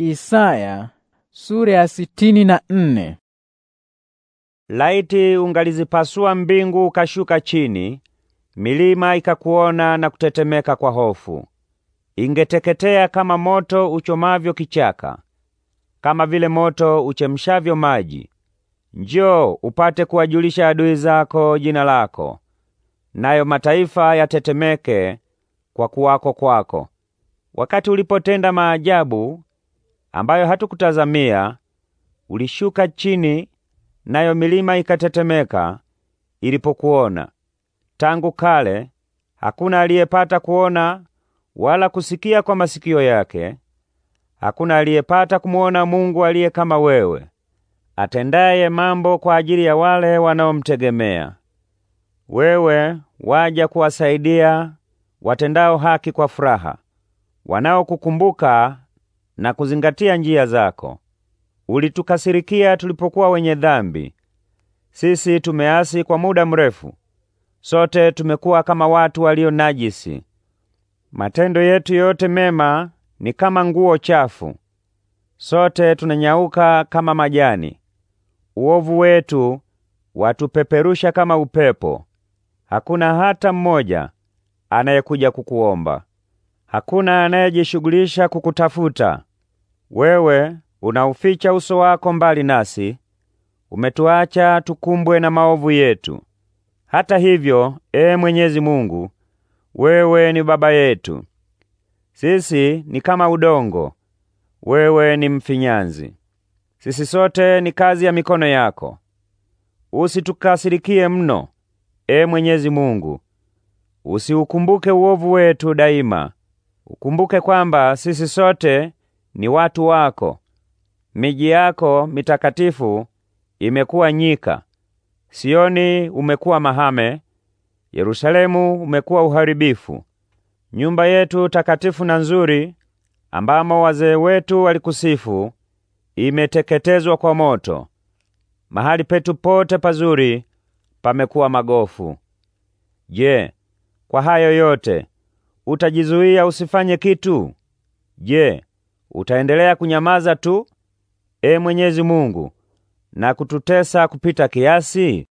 Isaya sura ya sitini na nne. Laiti ungalizipasua mbingu ukashuka chini, milima ikakuona na kutetemeka kwa hofu. Ingeteketea kama moto uchomavyo kichaka, kama vile moto uchemshavyo maji. Njoo upate kuwajulisha adui zako jina lako, nayo mataifa yatetemeke kwa kuwako kwako. Wakati ulipotenda maajabu ambayo hatukutazamia, ulishuka chini, nayo milima ikatetemeka ilipokuona. Tangu kale hakuna aliyepata kuona wala kusikia kwa masikio yake, hakuna aliyepata kumuona Mungu aliye kama wewe, atendaye mambo kwa ajili ya wale wanaomtegemea wewe. Waja kuwasaidia watendao haki kwa furaha, wanaokukumbuka na kuzingatia njia zako. Ulitukasirikia tulipokuwa wenye dhambi. Sisi tumeasi kwa muda mrefu, sote tumekuwa kama watu walio najisi. Matendo yetu yote mema ni kama nguo chafu, sote tunanyauka kama majani. Uovu wetu watupeperusha kama upepo. Hakuna hata mmoja anayekuja kukuomba, hakuna anayejishughulisha kukutafuta. Wewe unauficha uso wako mbali nasi, umetuacha tukumbwe na maovu yetu. Hata hivyo, ee Mwenyezi Mungu, wewe ni baba yetu, sisi ni kama udongo, wewe ni mfinyanzi, sisi sote ni kazi ya mikono yako. Usitukasirikie mno, ee Mwenyezi Mungu, usiukumbuke uovu wetu daima. Ukumbuke kwamba sisi sote ni watu wako. Miji yako mitakatifu imekuwa nyika. Sioni umekuwa mahame, Yerusalemu umekuwa uharibifu. Nyumba yetu takatifu na nzuri ambamo wazee wetu walikusifu imeteketezwa kwa moto. Mahali petu pote pazuri pamekuwa magofu. Je, kwa hayo yote utajizuia usifanye kitu? Je, Utaendelea kunyamaza tu, e Mwenyezi Mungu, na kututesa kupita kiasi?